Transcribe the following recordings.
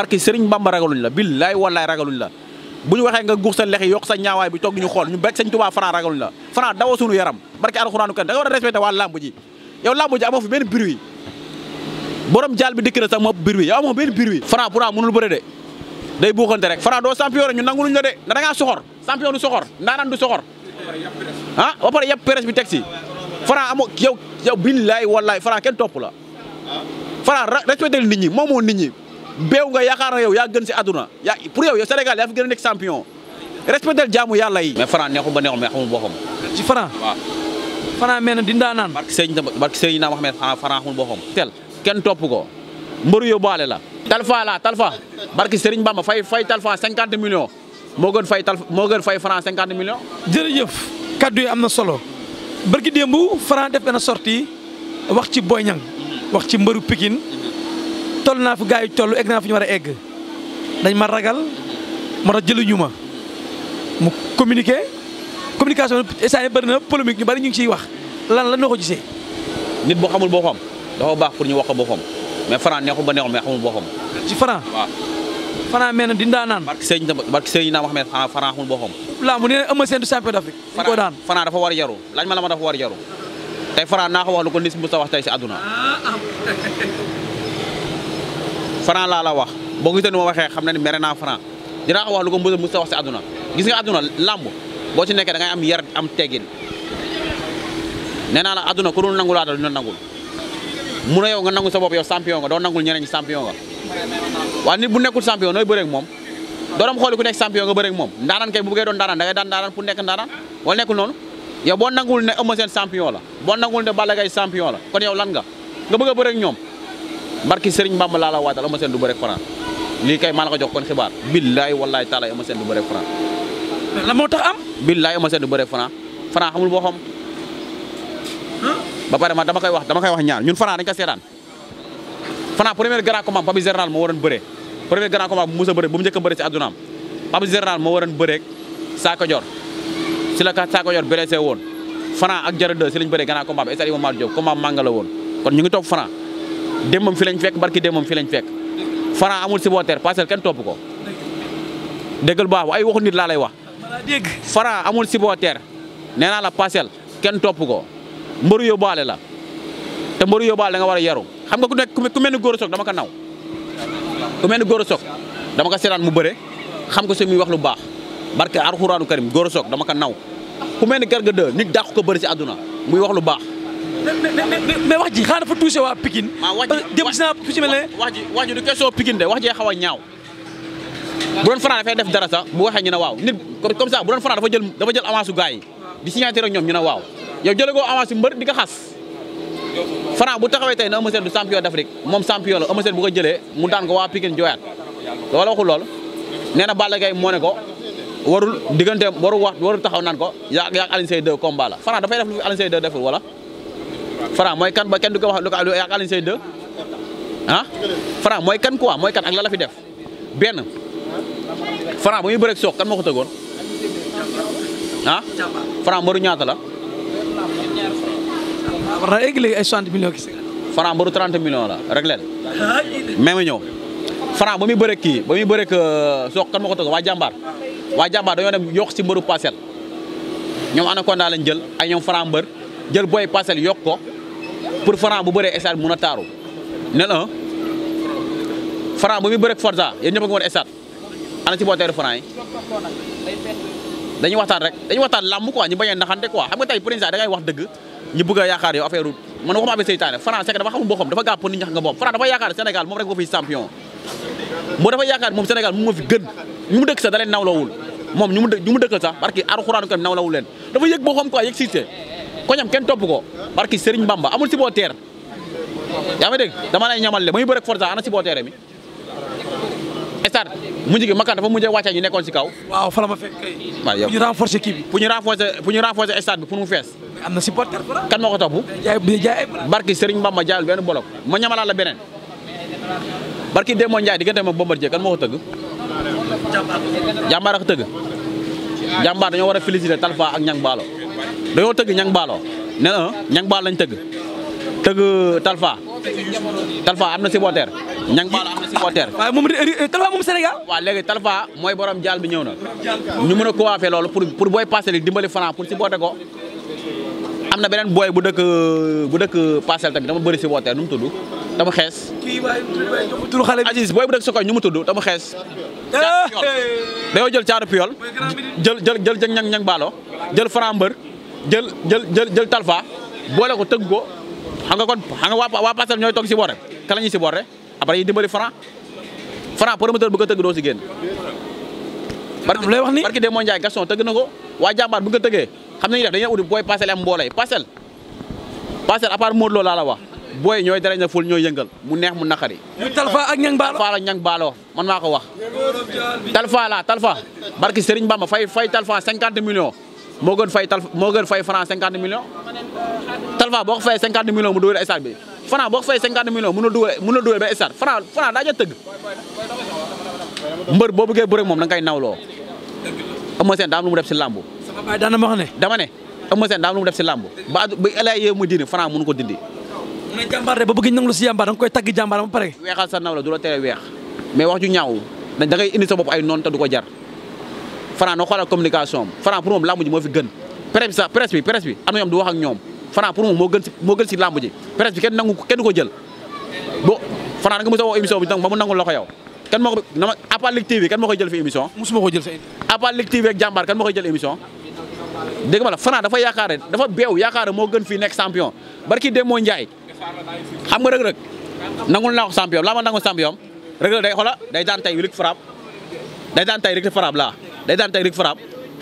barki Serigne Bamba ragaluñ la billahi wallahi ragaluñ la buñ waxe nga guux sa lexi yok sa ñaaway bi tok ñu xol ñu bekk Serigne Touba fran ragaluñ la fran dawo suñu yaram barki alcorane kan da nga war a respecté waa lamb ji yow lamb ji amoo fi benn bruit borom jaal bi dikk na sax mo bruit yow amoo ben bruit fran pura mënul bëre de day buuxante rek fran do champion ñu nanguluñ la de da nga soxor champion du soxor ndaanaan du soxor ah ba pare yapp presse bi taxi fran amo bilai yow yow billahi wallahi fran ken top la fara respecté nit ñi momo nit ñi beew nga yaakaar na yow yaa gën si àdduna yaa pour yow yow Sénégal yaa fi gën a nekk champion respecté jaamu yàlla yi. mais Franc neexul ba neexul mais xamul boppam. ci Franc waaw. Franc mel na dinaa naan. barke sëñ barke naa ma xam ne Franc xamul boppam. tel kenn topp ko mbëru yóbbaale la. Talfa la Talfa barke Serigne Bamba fay fay Talfa 50 millions moo gën fay Talfa moo gën fay Franc 50 millions. jërëjëf kaddu yi am na solo barki démb Franc def benn sortie wax ci Boy Niang wax ci mbaru pikin tol na fu gaay yi egg na fu ñu wara egg dañ ma ragal moo ra jëlu ñuma mu communiquer communication essayé bari na polémique ñu bari ñu ci wax lan lan noo ko gisee. nit bo xamul bo xam dafa baax pour ñu wax ko boo xam mais Franc neexul ba neexul mais xamul bo xam. ci Franc waaw. Franc na di ndaanaan. barke sëñ barke sëñ naa ma xam ne Franc Franc xamul boo xam. mu ne am Sène du champion d'Afrique. dañ koo daan dafa war yaru laaj ma la ma dafa war yaru tay Franc na ko wax lu ko nis mu ta wax tay si aduna ah, ah. Franc laa la wax boo gisee ni ma waxee xam na ni mere naa Franc dinaa ko wax lu ko mës a mës a wax si àdduna gis nga àdduna làmb boo ci nekkee da am yar am teggin nee naa la àdduna ku dul nangu laa dal dina nangul mun a nga nangu sa bopp yow champion nga doo nangul ñeneen ñi champion nga waaye bu nekkul champion nooy bëreeg moom doo dem xooli ku nekk champion nga bëreeg moom ndaanaan kay bu bëggee doon ndaanaan da daan ndaanaan pour nekk ndaanaan wala nekkul noonu yow boo nangul ne Eumeu Sène la boo nangul ne Balla Gaye champion la kon lan nga nga bëgg a bëreeg barki Serigne Bamba laa la waajal Eumeu Sène du bëre ak Franc lii kay maa la ko jox kon xibaar billaay wallaay taalaay Eumeu Sène du bëre la moo tax am. billaay Eumeu Sène du bëre ak Franc Franc xamul boo xam. ba pare man dama koy wax dama koy wax ñaar ñun Franc dañ ko seetaan Franc premier grand combat Papis Général moo waroon bëree premier grand combat bu Moussa bëree bu mu njëkk a bëree si addunaam Papis Général moo waroon bëree Sakho Dior si la Sakho Dior blessé woon Franc ak Jara 2 si lañ bëree grand combat la woon kon ñu ngi topp Franc démbam fi lañ fekk barki démbam fi lañ fekk Franc amul supporter parcelle kenn topp ko déggal baax ay waxu nit laa lay wax dégg Franc amul supporter nee naa la parcelle kenn topp ko mbëru yóbbaale la te mbëru yóbbaale da nga war a yaru xam nga ku nekk ku mel ni góor soog dama ko naw ku mel ni góor soog dama ko seetaan mu bëre xam ko si muy wax lu baax barke alxuraanu karim góor soog dama ko naw ku mel ni garga de nit dàq ko bëri si àdduna muy wax lu baax mais waji xana fa touché waa Pikine. dem gis naa ci mel ne. wax du question Pikine de wax jee ñaaw. bu doon Franc dafay def dara sax bu ñu nit comme ça bu Franc dafa jël dafa jël avance di signature ak ñoom ñu ne waaw yow jëlee avance di ko xas. Franc bu taxawee tey ne Eumeu Sène du champion d'Afrique moom champion la pikin Sène bu ko jëlee mu daan ko waa Pikine jooyaat loolu waxul loolu nee Balla Gaye moo ko warul diggante warul wax warul taxaw ko combat la Franc def lu deful wala fara moy kan ba ken duko wax duko ko ak Alioune ya Seye 2 ah Franc mooy kan quoi moy kan ak la la fi def ben fara bu ñu bëreeg soog kan moko ko han fara mo ru ñaata la. ra na ay 60 millions ki fara mo ru 30 millions la rek leen. Eh, même ñëw Franc ba muy bëreeg kii ba muy bëreeg soog kan moo ko tëggoon waa jàmbaar waa jàmbaar dañoo dem yokk si mbaru parcelle ñoom Anaconda lañ jël ay ñom Franc mbër. jël booy parcelle yokk ko pour Franc bu bëree stade mun a nel un Franc bu muy bërek Forza yéen ñëpp a ngi woon stade ana ci booteeru Franc yi dañuy waxtaan rek dañuy waxtaan làmb quoi ñu bañ a naxante quoi xam nga tey président da ngay wax dëgg ñu bëgg a yaakaar yow affaire man waxuma affaire seytaane Franc c'est dafa xamul boppam dafa gàpp ñi xam nga bopp dafa yaakaar Sénégal moom rek moo fi champion moo dafa yaakaar moom Sénégal moom moo fi que Konyam ken top ko barki Serigne Bamba amul ci boo teer yaa ngi dégg dama lay ñamal le muy bëre Forza ana ci boo mi estar mujj gi Makan dafa mujjee wàccee ñu nekkon si kaw. waaw fa la ma fek kay. ñu renforcer kii bi. pour ñu renforcer pour ñu renforcer estade bi pour ñu fess amna ci supporter kan moo ko topp. jaay barki Serigne Bamba jaal ben bolok ma ñamala la benen barki Demba Ndiaye diggante ma Bombardier kan moko teug Jambar ak teug jambar dañu wara féliciter Talfa ak ñang balo dañoo teug ñang balo, ne un ñang bal lañ teug teug talfa talfa amna na supporter ñang bal amna na supporter waaye mom eh, talfa mom Sénégal wa légui talfa moy borom jaal bi ñew na ñu mëna a coiffé loolu pour pour boy passer li dimbali franc pour supporter ko amna benen boy bu dëkk bu dëkk passer tamit dama bëri si wooteer nu mu tudd te mu xees. kii turu Aziz boy bu dëkk Sokoy ñu mu tuddu dama xess xees. Eh. dañoo jël caaru piol jël jël jël ñang ñang balo jël franc jël jël jël jël talfa boole ko tëgg ko xam nga kon xam nga wa passer ñoy tok ci bor rek ka la ci si rek après yi dimbali franc franc promoteur bu ko tëgg doo si génn. barki lay wax ni barki de mo ndjay tëgg na nako wa jabar bu ko tëggee xam nañu def dañuy ut boy passer am mboolay passer passer apart part Lo la la wax boy ñoy dara na ful ñoy yëngal mu neex mu nakari muy Talfa ak Ñang balo Talfa Ñang balo man mako wax. Talfa la Talfa barki Serigne Bamba fay fay Talfa 50 millions moo gën fay tal moo gën fay franc 50 millions talfa boo ko fay 50 millions mu dugal stade bi franc boo fay 50 millions mun na dugal mun na dugal ba stade franc franc daa jot tëgg mbër boo bëggee bëre moom da nga koy nawloo Eumeu Sène daam lu mu def si làmb dana ma wax ne dama ne Eumeu Sène daam lu mu def si làmb ba ba ëllëg mu diine franc mënu ko dindi mu ne jàmbaar de ba bëgg nangu lu si jàmbaar da nga koy tagg jàmbaar ba pare weexal sa nawla du la tere weex mais wax ju ñaaw da ngay indi sa bopp ay noon te du ko jar Franc na xoolal communication am Franc moom làmb moo fi gën presse bi sax presse bi presse bi am na ñoom du wax ak ñoom Franc pour moom moo gën si moo gën kenn du ko jël bo Franc da nga mos a woo émission bi ba mu nangul la ko yow moo ko koy jël fi émission musuma ko jël sa Apalik TV ak moo koy jël émission dégg dafa yaakaare dafa beew yaakaare moo gën fii nekk champion barki Demba Ndiaye xam nga rëg-rëg nangul naa ko champion laa ma nangul champion rëg-rëg day xola day daan tay Luc Frappe day daan tay day dan tay rek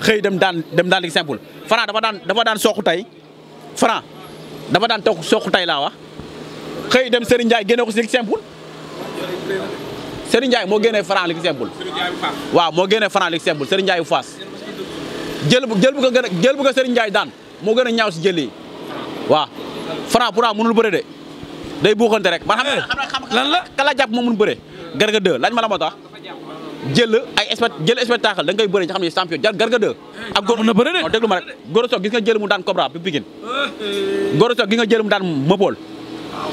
xey dem dan dem dan lig simple Franc dafa dan dafa dan sooxu tay Franc dafa dan tok sooxu tay la wax xey dem Serigne jay gene ko si lig simple Serigne jay mo gene Franc lig simple wa mo gene Franc lig simple Serigne jay bu faas jël bu jël bu ko gën jël bu ko Serigne jay dan mo gën ñaaw si jël yi waaw pura pourtant mënul de day buuxante rek man xam nga eh, lan la la jàpp moo bëre lañ ma la jël ay jël spectacle da ngay bëri nga xam ne champion jar garga eh, de ak góor na bëri de déglu ma rek Gora Sock gis nga jël mu daan Cobra bi Pikine eh. Gora Sock gis nga jël mu daan Mapol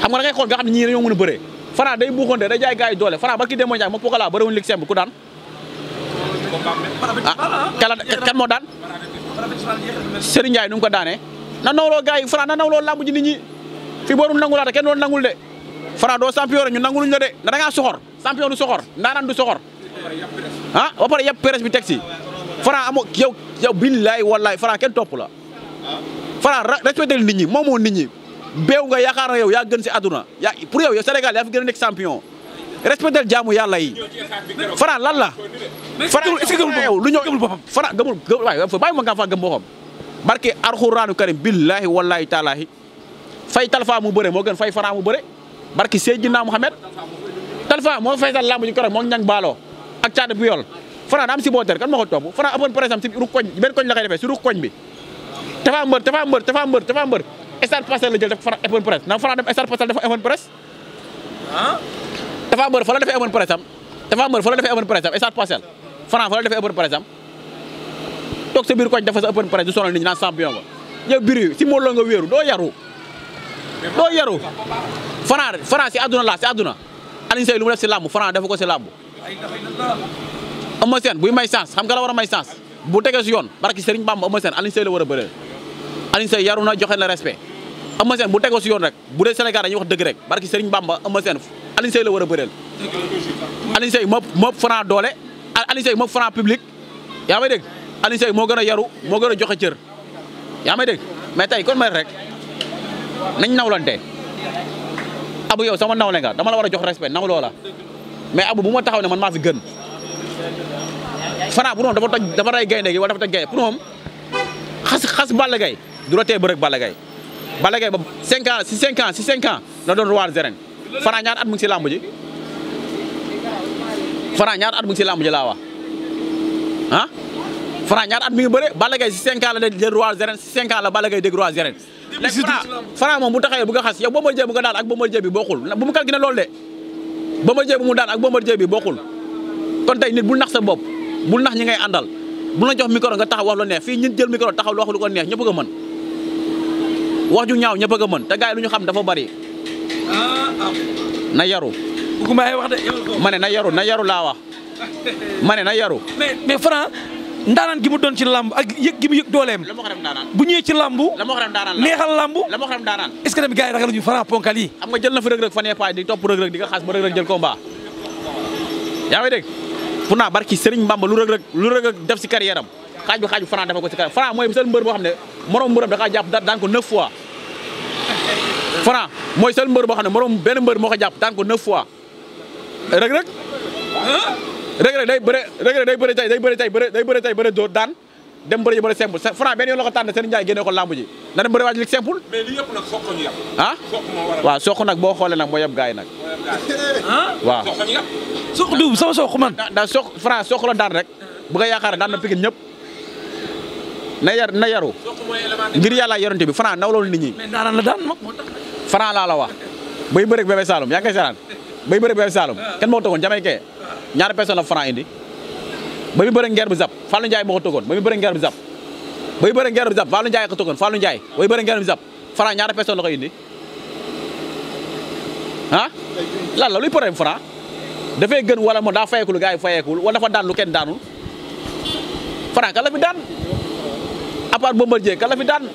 xam nga da ngay xool nga xam ne ñii dañoo mën a bëree Franc day buuxante day jaay gars yi doole Franc ba ki demoo ñaay ma pokala bëri woon ligue simple ku daan ah kan, kan moo daan Serigne Ndiaye nu mu ko daanee na nawloo gars yi Franc na nawloo làmb ji nit ñi fi boorum nangul laata kenn doon nangul de Franc doo champion ñu nanguluñ la de da ngaa soxor champion du soxor ndaanaan du soxor ah ba pare yàpp presse bi teg si Franc amoo yow yow kenn topp la Franc respecté nit ñi moomoo nit ñi beew nga yaakaar na yow yaa gën si àdduna yaa pour yow yow Sénégal yaa gën a nekk champion respecté jaamu yàlla yi Franc lan la. Franc est-ce que lu ñëw gëmul boppam Franc gëmul waaye bàyyi ma fa gëm boppam barke Alxuraanu Karim billaahi wallaahi taalaahi fay Talfa mu bëre moo gën fay Franc mu bëre barke Seydina Mohamed Talfa moo fay sa lamb ji keroog moo ñaŋ ak caada bu yol fana daa am boter kan moo top fana Franc presam ci si ru koñ ben koñ la kay defee ci ru koñ bi Tapha Mbeur Tapha Mbeur Tapha Mbeur Tapha Mbeur estar passer la jël def fana open pres ndax fana dem estar passer def open pres ah Tapha Mbeur fa def defee presam press am Tapha Mbeur fa la defee open press am stade Pascal Franc fa la defee sa bir koñ dafa sa open pres du sonal nit ñi champion ba yow bir si Modou Lo nga wëru do yaru do yaru fana fana si aduna la si aduna Alioune sey lu mu def si lamb Franc def ko ci lamb Eumeu Sène buy may chance xam nga la war a may chance bu tegee si yoon barki Serigne Bamba Eumeu Sène Alioune Seye la war a bëreel Alioune Seye yaru na joxe na respect Eumeu Sène bu tegoo si yoon rek bu dee Sénégal dañuy wax dëgg rek barki Serigne Bamba Eumeu Sène Alioune Seye la war a bëreel Alioune Seye moom moom franc doole Alioune Seye moom franc public yaa may dégg Alioune moo gën a yaru moo gën a joxe cër yaa may dégg mais tey kon may rek nañ nawlante abu yo sama nawle nga dama la war a jox respe nawloo la mais abou buma taxaw ne man ma fi gën fana bu non dafa toj dafa ray gaynde gi wala dafa toj gay pour mom khas khas balle gay du roté beurek balle gay balle gay ba 5 ans si 5 ans si 5 ans la don roi zeren fana ñaar at mu ci lamb ji fana ñaar at mu ci lamb ji la wax ah fana ñaar at mi ngi beure balle gay si 5 ans la de roi zeren arènes si 5 ans la balle gay dégg roi zeren fana mom bu taxawee bu nga khas yow bo mo jé bu nga dal ak bo mo jé bi bokkul bu mu calculé loolu de jey bu mu daan ak jey bi bokul kon tay nit bu nax sa bop bu nax ñi ngay andal bu la jox micro nga taxaw wax lu neex fi ñun jël micro taxaw wax lu ko neex ñepp ga man wax ju ñaaw ñepp ga man te lu ñu xam dafa bari na yaru ma mané na yaru na yaru la wax mané na yaru mais mais Franc ndaanaan gi mu don ci lamb ak yeg gi mu yëg dooleem bu ñëwee ci làmb neexal làmb est ce que tamit gars yi ragaluñu Franc ponkal yi xam nga jël na fi reug rëg fanee paaj di top reug reug di nga xass ba reug reug jël combat ya ngi deg pour naa barki Serigne Mbamba lu reug reug lu reug reug def ci carrière am xaj bu xaj bu Franc defal ko ci carrière fara moy seul mbeur bo xamne morom mbëram da kaa jàpp daan ko 9 fois fara moy seul mbeur bo xamne morom ben mbeur moko japp da daan ko 9 fois reug reug Reug Reug day bëre Reug Reug day bëre tay day bëre tay bëre day bëre tay bëre door daan dem bëre bëre simple franc benn yoon la ko tànn seen njaay génne ko lamb ji na dem bëre waaj lig simple mais li yëpp nag sokk ñu yab ah sokk moo waral waaw sokk nag boo xoolee nag moo yab gaay nag waaw sokk ñu yab sokk du sama sokk man da sokk franc sokk la daan rek bu nga yaakaar daan na pikin ñëpp na yar na yaru ngir yàlla yorante bi franc naw loolu nit ñi mais daan la daan franc laa la wax bay bëre ak bébé Saloum yaa ngi bay bëre ak bébé Saloum kenn moo jamay kee ñaari personne la Franc indi ba mu bëre ngeer bi zap Fallou Ndiaye moo ko tëggoon ba mu bëre ngeer bi zap ba mu bëre ngeer bi zap Fallou Ndiaye ko tëggoon Fallou Ndiaye ba mu bëre ngeer bi zap Franc a personne la ko indi ah lan la luy problème Franc dafay gën wala mo daa fayeeku lu gars yi fayeekul wala dafa daan lu kenn daanul Franc kan la fi daan à part Bombardier kan la fi daan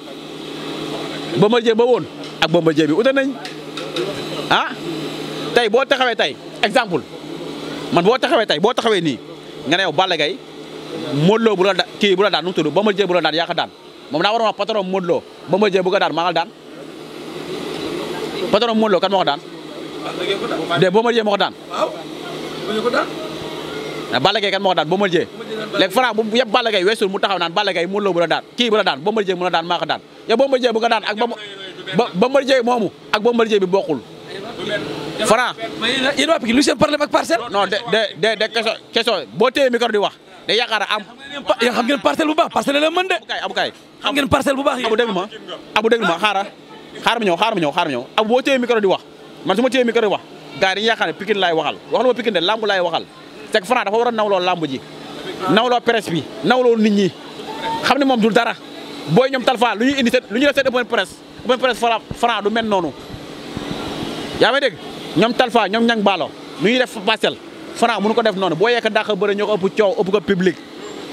Bombardier ba woon ak Bombardier bi ute nañ ah tey boo taxawee tey exemple man boo taxawee tey boo taxawee nii nga ne yow Balla Gaye bu la da kii bu la daan nu mu tudd ba ma jël bu la daan yaa ko daan moom daa waroon wax patron Modou Lo bu ko daan maa ngal daan patron daan. de ba ma jël moo ko daan. Balla Gaye daan ba ma jël. léegi Franc bu yëpp Balla Gaye weesul mu taxaw naan Balla Gaye Modou Lo bu la daan kii bu la daan ba ma jël mu daan maa ko daan ma jël bu daan ak ba ma ba ma jël moomu ak ba bi bokkul. Franc yéen waa Pikine lu seen problème ak parcelle. de de de boo téye micro di wax day yaakaar am. xam ngeen parcelle bu baax parcelle la mën de. abu kay xam ngeen parcelle bu baax yi. abu déglu ma abu déglu ma xaaral xaar ma ñëw xaar ma ñëw abu boo téye micro wax man su ma téye micro wax gars yi dañuy yaakaar ne Pikine laay ma Pikine de lamb laay waxal c'est que dafa war a lamb ji nawloo presse bi nawloo nit xam ne moom dul dara booy ñoom talfa lu ñuy indi lu ñuy def seen yaa may dégg ñoom Talfa ñoom ñang baalo nu ñuy def parcelle Franc nu ko def noonu boo yeeka dàq bëre ñoo ko ëpp coow ëpp ko public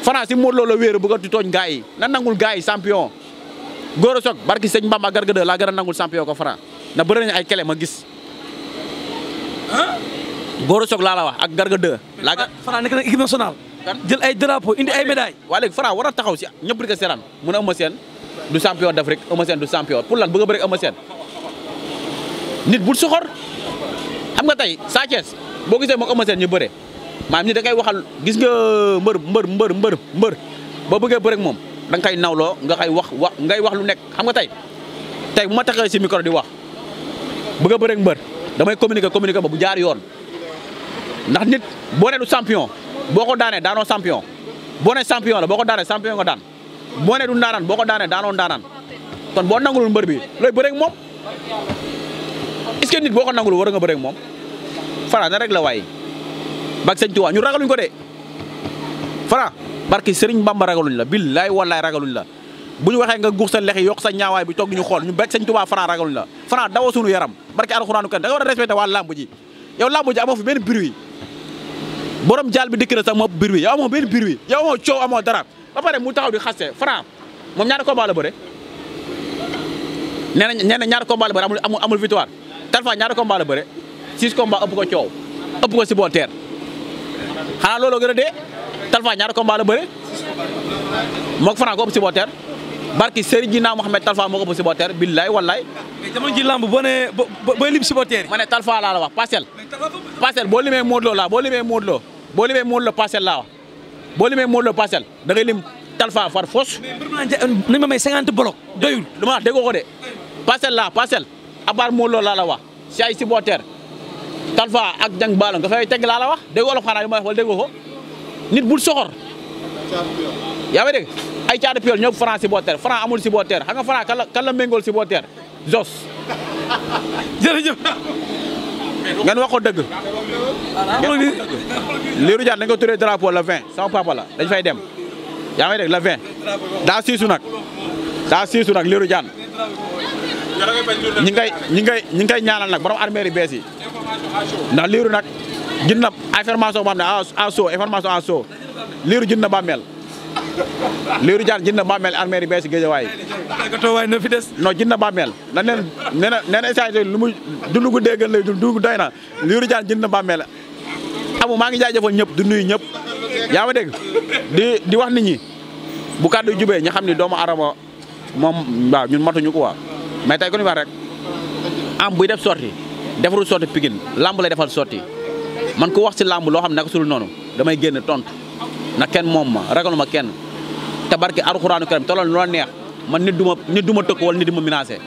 Franc si Modou Lo la wéeru bu ko di tooñ gars yi na nangul gars yi champion góor a soog barki sëñ Bamba Garga 2 laa gën a ko Franc na bëri nañu ay kele ma gis góor a soog laa la wax ak Garga 2 laa ah, jël ay drapeau indi ay médaille waa léegi Franc war a taxaw si ñëpp di mun a Eumeu Sène du champion d'Afrique Eumeu Sène du champion pour lan a nit bu soxor xam nga tay Sa ties bo gisé mo Eumeu Sène ñu bëré maam ñi da kay waxal gis nga mbeur mbeur mbeur mbeur mbeur ba bëggé bëre ak moom da nga koy nga kay wax ngay wax lu nek xam nga tay tay bu ma taxawee si micro di wax bëgg a bëre ak mbër damay communiquer communiquer ba bu jaar yoon ndax nit bo né du champion boko daané daano champion bo né champion la boko daané champion nga daan bo né du ndaanaan boko daané daano daanoo kon bo nangul mbeur bi lay bëre ak est-ce boo ko nangul war nga bëre ak moom rek la waay bak sëñ Tuubaa ñu ragaluñ ko de Franc barki Sëriñ Bamba ragaluñ la billaay wallaay ragaluñ la bu ñu waxee nga guux sa lex yokk sa ñaawaay bi toog ñu xool ñu bak sëñ Tuubaa Franc ragaluñ la faraa dawa suñu yaram barki alxuraanu kan da nga war a respecté waa làmb ji yow làmb ji amoo fi benn bruit borom jaal bi dikk na sax moo bruit yow amoo benn bruit yow amoo coow amoo dara ba pare mu taxaw di xaste Franc moom ñaari combat la bëre nee na ñaari combat la bëre amul amul victoire Talfa ñaata combat la bëre six combat ëpp ko coow ëpp ko supporter xanaa looloo gën a dee Talfa ñaata combat la bëre mook Franc ko ëpp supporter barki Serigne Dina Mohamed Talfa moo ko ëpp supporter billaay wallaay. mais jamono ji lamb boo nee ba ba lim supporter yi. ma ne Talfa laa la wax laa boo limee Modou Lo boo laa wax boo limee Modou Lo parcelle da ngay lim Talfa far foos. mais mbir ma may 50 bloc doyul. ko de parcelle laa parcelle. abar molo la la wax ci ay supporter talfa ak jang balon da fay tegg la la wax de wolof xana yu ma wax wala deg ko nit bu soxor ya ngi deg ay caada piol ñoo franc supporter france amul supporter xam nga franc kan la kan la méngool supporter jos jërëjëf ngeen wax ko dëgg liiru jaar dañ ko drapeau la 20 sama papa la dañ fay dem Ya ngi deg la 20 daa siisu nag daa jaan ñi ngay ñi ngay ñi ngay ñaanal nag borom armée yi bees yi ndax liiru nag jën na information boo xam ne à so information à liiru jën na bàmmeel liiru jaan jën na bàmmeel armée yi bees yi géejawaay waay na fi des non jën na bàmmeel dañ leen na nee na échange lu muy dund gu déggal lay liiru jaan jën na bàmmeel amu maa ngi jaajëfal ñëpp di nuyu ñëpp yaa ma dégg di di wax nit ñi bu kàddu jubee ñu xam ne doomu aadama moom waaw ñun matuñu quoi mais tay ko ni wax rek am buy def sorti defarul sorti pigin lamb lay defal sorti man ko wax ci lamb lo xam ne sul nonu damay genn tont na ken mom ma ragaluma ken te barke karim tolal loo neex man nit duma nit duma tekk wal nit duma menacé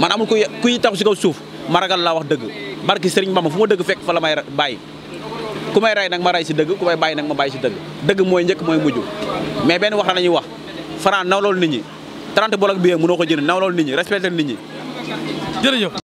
man amul kuy kuy tax ci kaw souf ma ragal la wax deug barki Serigne Bamba fuma deug fek fa lamay bay ku may ma ray ci deug ku may bàyyi ma bay ci deug deug moy ñeek moy muju mais ben wax la ñuy wax lol nit ñi 30 bolok bi mënoo ko jënd nawlool nit ñi respecté nit ñi